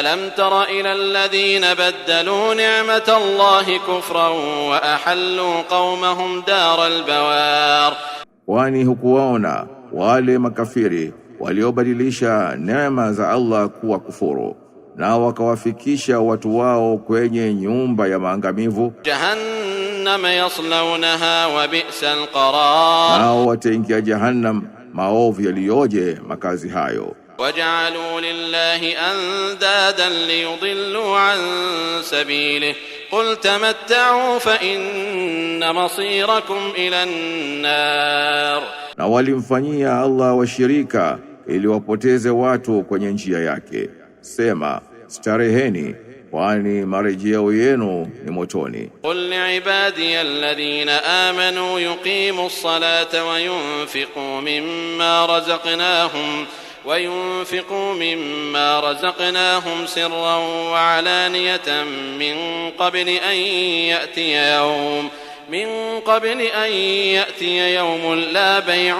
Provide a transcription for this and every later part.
ألم تر إلى الذين بدلوا نعمة الله كفرا وأحلوا قومهم دار البوار wani hukuwaona wale makafiri waliobadilisha neema za Allah kuwa kufuru na wakawafikisha watu wao kwenye nyumba ya maangamivu jahannam yaslawnaha wa bi'sal qarar nao wataingia jahannam maovu yaliyoje makazi hayo وجعلوا لله أندادا ليضلوا عن سبيله قل تمتعوا فإن مصيركم إلى النار na walimfanyia Allah washirika ili wapoteze watu kwenye njia yake. Sema, stareheni kwani marejeo yenu ni motoni. Qul li ibadiy alladhina amanu yuqimu ssalata wa yunfiqu mimma razaqnahum وينفقوا مما رزقناهم سرا وعلانية من قبل أن يأتي يوم من قبل أن يأتي يوم لا بيع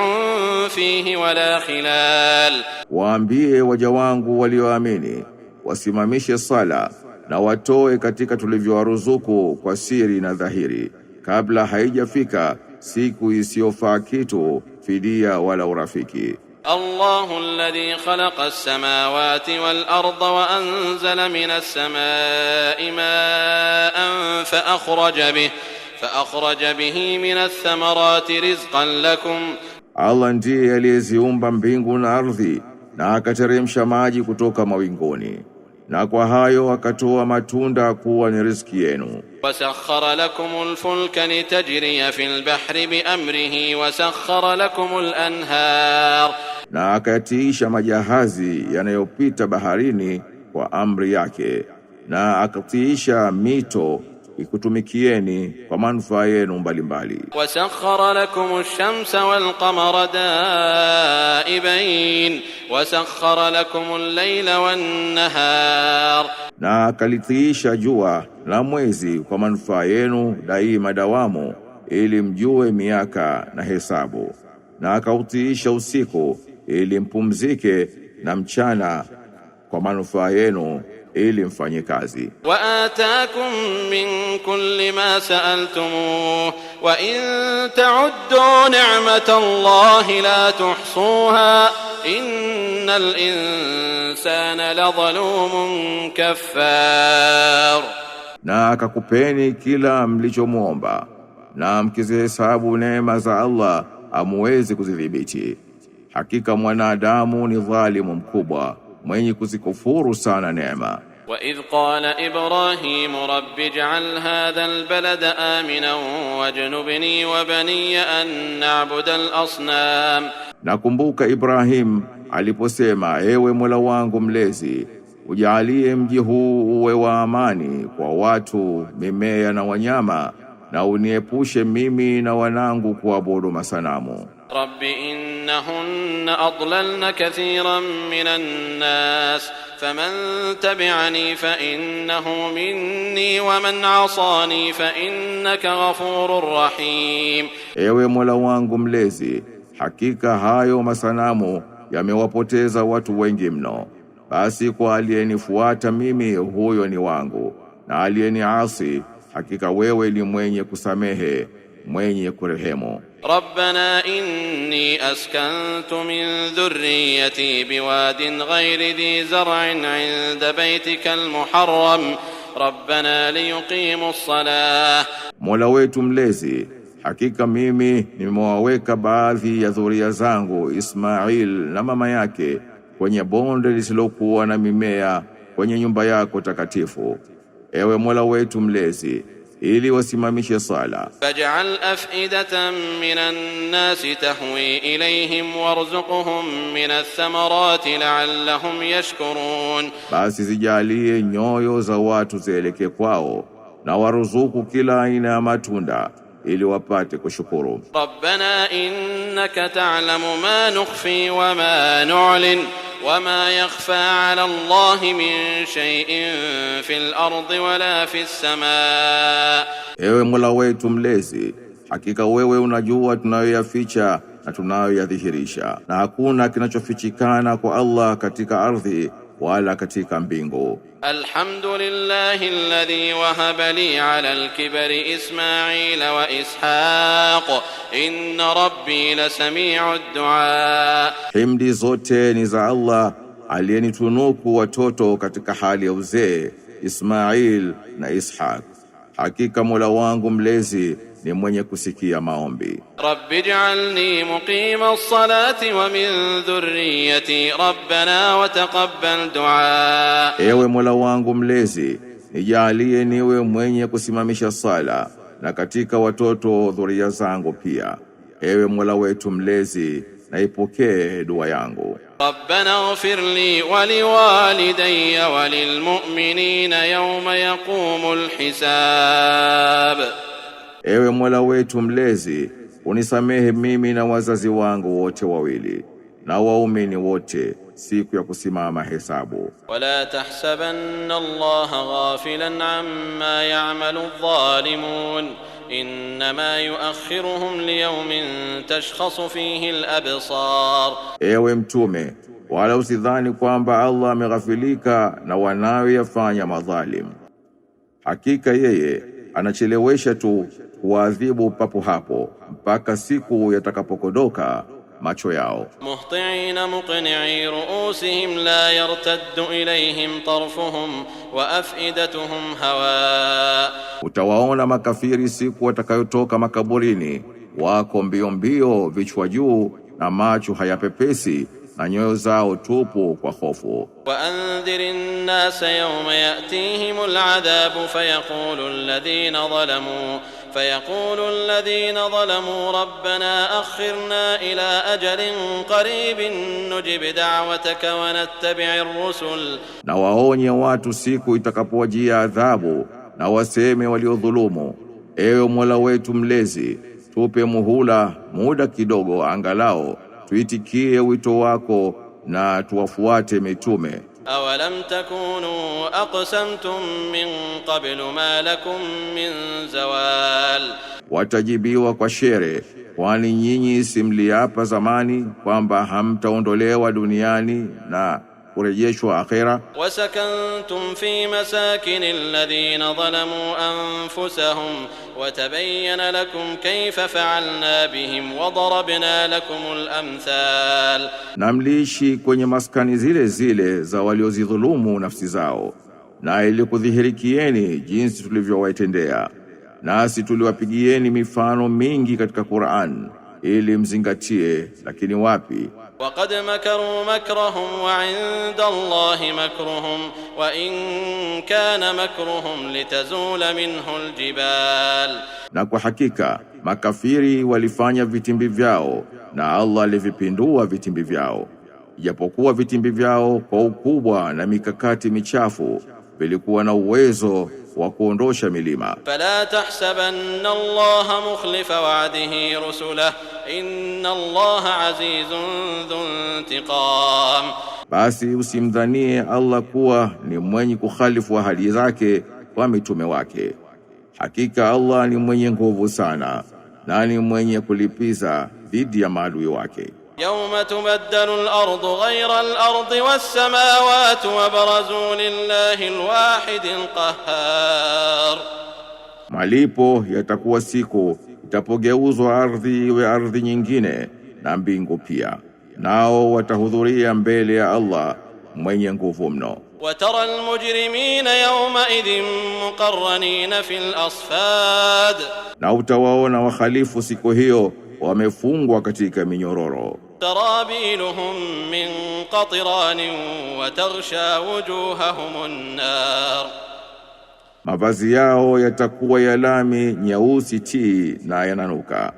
فيه ولا خلال وأنبيه وجوانق وليوامني وسمميش الصلاة نواتوه كتك تلفي ورزوكو وسيري نظهيري قبل هيجا فيك سيكو يسيوفا كيتو فيديا ولا ورفيكي الله الذي خلق السماوات والأرض وأنزل من السماء ماء فأخرج به فأخرج به من الثمرات رزقا لكم Allah ndiye aliyeziumba mbingu na ardhi na akateremsha maji kutoka mawinguni na kwa hayo akatoa matunda kuwa ni riziki yenu. wasakhara lakumul fulka litajriya fil bahri biamrihi wasakhara lakumul anhar na akayatiisha majahazi yanayopita baharini kwa amri yake, na akatiisha mito ikutumikieni kwa manufaa yenu mbalimbali. wasakhara lakum ash-shamsa wal qamara daibain wasakhara lakum al-layla wan nahar, na akalitiisha jua na mwezi kwa manufaa yenu daima dawamu, ili mjue miaka na hesabu, na akautiisha usiku ili mpumzike na mchana kwa manufaa yenu ili mfanye kazi. wa atakum min kulli ma sa'altumuh wa in ta'uddu ni'matallahi la tuhsuha innal insana ladhalumun kaffar, na akakupeni kila mlichomwomba na mkizihesabu neema za Allah amuwezi kuzidhibiti. Hakika mwanadamu ni dhalimu mkubwa mwenye kuzikufuru sana neema. Wa idh qala Ibrahim rabbi ij'al hadha albalada aminan wajnubni wa bani an na'budu al-asnam, nakumbuka Ibrahim aliposema, ewe Mola wangu mlezi ujaalie mji huu uwe wa amani kwa watu, mimea na wanyama, na uniepushe mimi na wanangu kuabudu masanamu. رب إنهن أضللن كثيرا من الناس فمن تبعني فإنه مني ومن عصاني فإنك غفور رحيم Ewe Mola wangu mlezi hakika hayo masanamu yamewapoteza watu wengi mno basi kwa aliyenifuata mimi huyo ni wangu na aliyeniasi hakika wewe ni mwenye kusamehe mwenye kurehemu. Rabbana inni askantu min dhurriyyati biwadin ghairi dhi zar'in 'inda baytika almuharram rabbana liyuqimu as-salah, Mola wetu mlezi hakika mimi nimewaweka baadhi ya dhuria zangu Ismail na mama yake kwenye bonde lisilokuwa na mimea kwenye nyumba yako takatifu, ewe Mola wetu mlezi ili wasimamishe sala. Faj'al af'idatan minan nasi tahwi ilayhim warzuqhum minath thamarati la'allahum yashkurun, basi zijalie nyoyo za watu zielekee kwao na waruzuku kila aina ya matunda ili wapate kushukuru. Rabbana innaka ta'lamu ma nukhfi wa ma nu'lin وما يخفى على الله من شيء في الأرض ولا في السماء Ewe Mola wetu mlezi, hakika wewe unajua tunayoyaficha na tunayoyadhihirisha, na hakuna kinachofichikana kwa Allah katika ardhi wala katika mbingu. Alhamdulillahi alladhi wahaba li ala alkibari Ismail wa Ishaq inna rabbi lasami'u du'a, himdi zote ni za Allah aliyenitunuku watoto katika hali ya uzee Ismail na Ishaq, hakika Mola wangu mlezi ni mwenye kusikia maombi. Rabbij'alni as salati wa min dhurriyyati rabbana wa taqabbal du'a, ewe Mola wangu mlezi nijalie niwe mwenye kusimamisha sala na katika watoto dhuria zangu pia, ewe Mola wetu mlezi naipokee dua yangu. Rabbana ighfir li wa liwalidayya wa lilmu'minina yawma yaqumul hisab Ewe Mola wetu mlezi, unisamehe mimi na wazazi wangu wote wawili na waumini wote siku ya kusimama hesabu. Wala tahsabanna Allah ghafilan amma ya'malu adh-dhalimun innama yu'akhiruhum liyawmin tashkhasu fihi al-absar, ewe Mtume, wala usidhani kwamba Allah ameghafilika na wanayoyafanya madhalim, hakika yeye anachelewesha tu waadhibu papo hapo mpaka siku yatakapokodoka macho yao. muhtiina muqni'i ru'usihim la yartaddu ilayhim tarfuhum wa af'idatuhum hawa, utawaona makafiri siku watakayotoka makaburini, wako mbio mbio, vichwa juu na macho hayapepesi na nyoyo zao tupu kwa hofu. wa an nas yawma yatihim al adhabu fayaqulu alladhina zalamu فيقول الذين ظلموا ربنا أخرنا إلى أجل قريب نجب دعوتك ونتبع الرسل na watu siku itakapowajia adhabu na waseme waliodhulumu ewe Mola wetu mlezi tupe muhula muda kidogo angalao tuitikie wito wako na tuwafuate mitume أولم تكونوا أقسمتم من قبل ما لكم من زوال watajibiwa kwa shere, kwani nyinyi simliapa zamani kwamba hamtaondolewa duniani na kurejeshwa akhera. Wasakantum fi masakini alladhina zalamu anfusahum watabayyana lakum kayfa fa'alna bihim wa darabna lakum al-amthal, na mliishi kwenye maskani zile zile za waliozidhulumu nafsi zao, na ilikudhihirikieni jinsi tulivyowatendea nasi tuliwapigieni mifano mingi katika Qur'an ili mzingatie, lakini wapi? Waqad makaru makrahum wa inda Allahi makruhum wa in kana makruhum litazula minhu aljibal, na kwa hakika makafiri walifanya vitimbi vyao na Allah alivipindua vitimbi vyao, japokuwa vitimbi vyao kwa ukubwa na mikakati michafu vilikuwa na uwezo wa kuondosha milima. Fala tahsabanna Allaha mukhlifa wa'dihi rusula inna Allaha azizun dhuntiqam, basi usimdhanie Allah kuwa ni mwenye kukhalifu ahadi zake kwa mitume wake. Hakika Allah ni mwenye nguvu sana na ni mwenye kulipiza dhidi ya maadui wake. يوم تبدل الأرض غير الأرض والسماوات وبرزوا لله الواحد القهار Malipo yatakuwa siku itapogeuzwa ardhi iwe ardhi nyingine na mbingu pia, nao watahudhuria mbele ya Allah mwenye nguvu mno. Watara almujrimina yawma idhin fi fil asfad, na utawaona wahalifu siku hiyo wamefungwa katika minyororo. Tarabiluhum min qatiranin wa tarsha wujuhahum nar, mavazi yao yatakuwa ya lami nyeusi ti na yananuka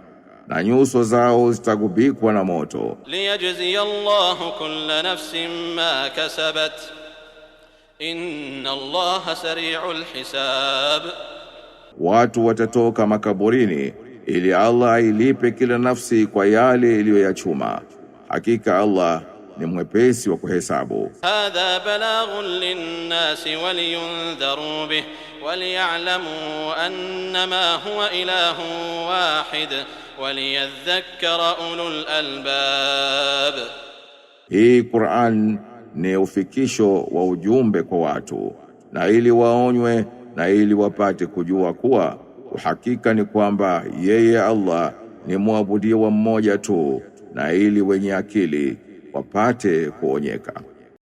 na nyuso zao zitagubikwa na moto. Liyajziya Allahu kulla nafsin ma kasabat inna Allaha sari'ul hisab, watu watatoka makaburini ili Allah ailipe kila nafsi kwa yale iliyoyachuma. Hakika Allah ni mwepesi wa kuhesabu. Hadha balaghun linnasi waliyundharu bih waliya'lamu annama huwa ilahu wahid waliyadhakkara ulul albab, hii Qur'an ni ufikisho wa ujumbe kwa watu na ili waonywe na ili wapate kujua kuwa Hakika ni kwamba yeye Allah ni mwabudiwa mmoja tu, na ili wenye akili wapate kuonyeka.